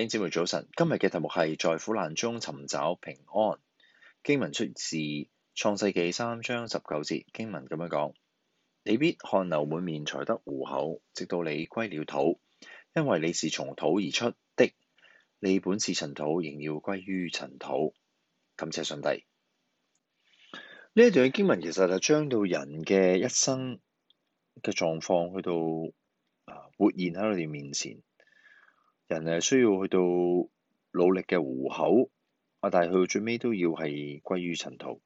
兄姊妹早晨，今日嘅題目係在苦難中尋找平安。經文出自創世紀三章十九節，經文咁樣講：你必汗流滿面才得糊口，直到你歸了土，因為你是從土而出的，你本是塵土，土，仍要歸於塵土。感謝上帝。呢一段經文其實就將到人嘅一生嘅狀況去到啊、呃、活現喺我哋面前。人係需要去到努力嘅糊口啊，但係去到最尾都要係歸於塵土。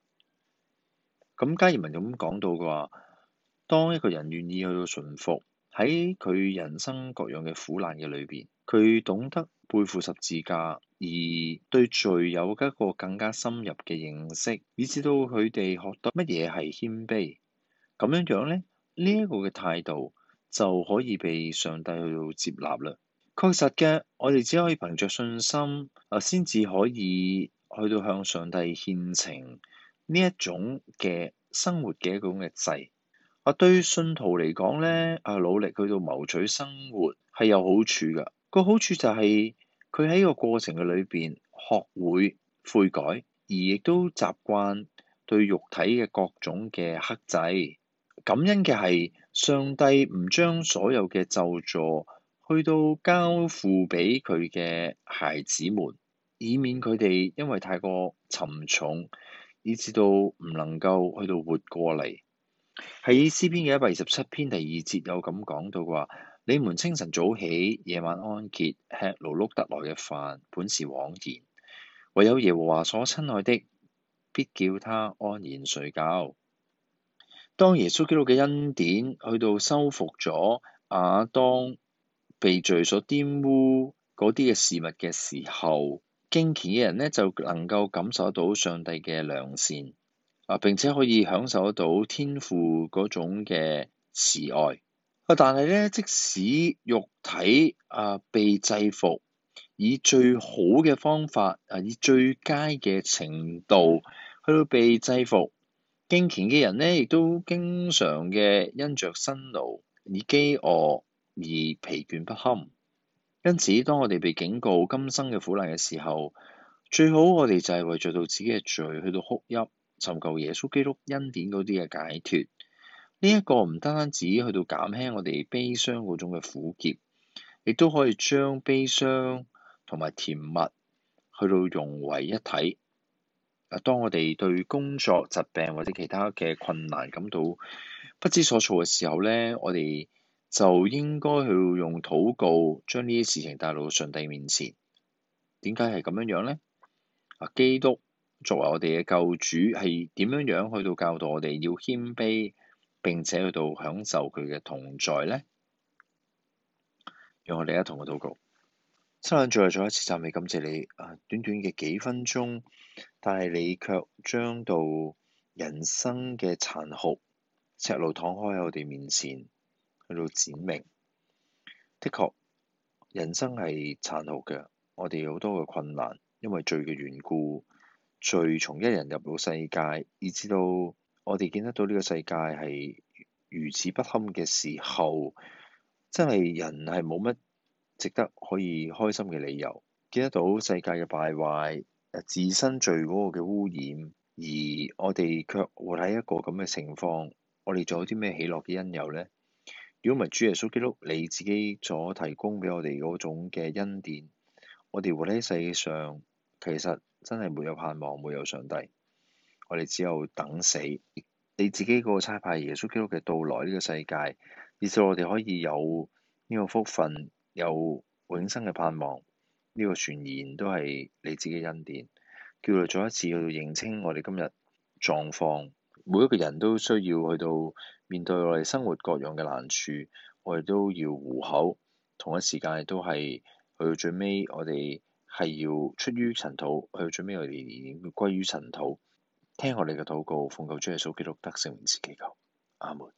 咁加爾文咁講到嘅話，當一個人願意去到順服喺佢人生各樣嘅苦難嘅裏邊，佢懂得背負十字架，而對罪有一個更加深入嘅認識，以至到佢哋學得乜嘢係謙卑咁樣樣咧，呢一個嘅態度就可以被上帝去到接納啦。確實嘅，我哋只可以憑着信心啊，先至可以去到向上帝獻呈呢一種嘅生活嘅一種嘅制啊。對於信徒嚟講咧啊，努力去到謀取生活係有好處㗎。個好處就係佢喺個過程嘅裏邊學會悔改，而亦都習慣對肉體嘅各種嘅克制。感恩嘅係上帝唔將所有嘅就助，去到交付俾佢嘅孩子們，以免佢哋因為太過沉重，以至到唔能夠去到活過嚟。喺詩篇嘅一百二十七篇第二節有咁講到嘅話：你們清晨早起，夜晚安歇，吃勞碌得來嘅飯，本是枉然；唯有耶和華所親愛的，必叫他安然睡覺。當耶穌基督嘅恩典去到收復咗亞當。被罪所玷污嗰啲嘅事物嘅時候，敬虔嘅人咧就能夠感受到上帝嘅良善，啊，並且可以享受得到天父嗰種嘅慈愛。啊，但係咧，即使肉體啊被制服，以最好嘅方法，啊以最佳嘅程度去到被制服，敬虔嘅人咧亦都經常嘅因着辛勞而飢餓。而疲倦不堪，因此當我哋被警告今生嘅苦難嘅時候，最好我哋就係為著到自己嘅罪去到哭泣，尋求耶穌基督恩典嗰啲嘅解脫。呢、這、一個唔單單止去到減輕我哋悲傷嗰種嘅苦澀，亦都可以將悲傷同埋甜蜜去到融為一體。當我哋對工作、疾病或者其他嘅困難感到不知所措嘅時候咧，我哋。就應該去用禱告將呢啲事情帶到上帝面前。點解係咁樣樣呢？啊，基督作為我哋嘅救主係點樣樣去到教導我哋要謙卑，並且去到享受佢嘅同在呢？讓我哋一同去禱告。新亮，最後再一次讚美感謝你啊！短短嘅幾分鐘，但係你卻將到人生嘅殘酷赤露躺開喺我哋面前。去到展明，的確，人生係殘酷嘅。我哋好多嘅困難，因為罪嘅緣故，罪從一人入到世界，以至到我哋見得到呢個世界係如此不堪嘅時候，真係人係冇乜值得可以開心嘅理由。見得到世界嘅敗壞，自身罪嗰個嘅污染，而我哋卻活喺一個咁嘅情況，我哋仲有啲咩喜樂嘅因由呢？如果唔係主耶穌基督你自己所提供俾我哋嗰種嘅恩典，我哋活喺世界上，其實真係沒有盼望，沒有上帝，我哋只有等死。你自己個差派耶穌基督嘅到來呢個世界，以致我哋可以有呢個福分，有永生嘅盼望，呢、呢個傳言都係你自己恩典，叫來再一次去認清我哋今日狀況。每一個人都需要去到面對我哋生活各樣嘅難處，我哋都要糊口，同一時間亦都係去到最尾，我哋係要出於塵土，去到最尾我哋仍然要歸於塵土。聽我哋嘅禱告，奉救主耶穌基督得聖名之祈求，阿門。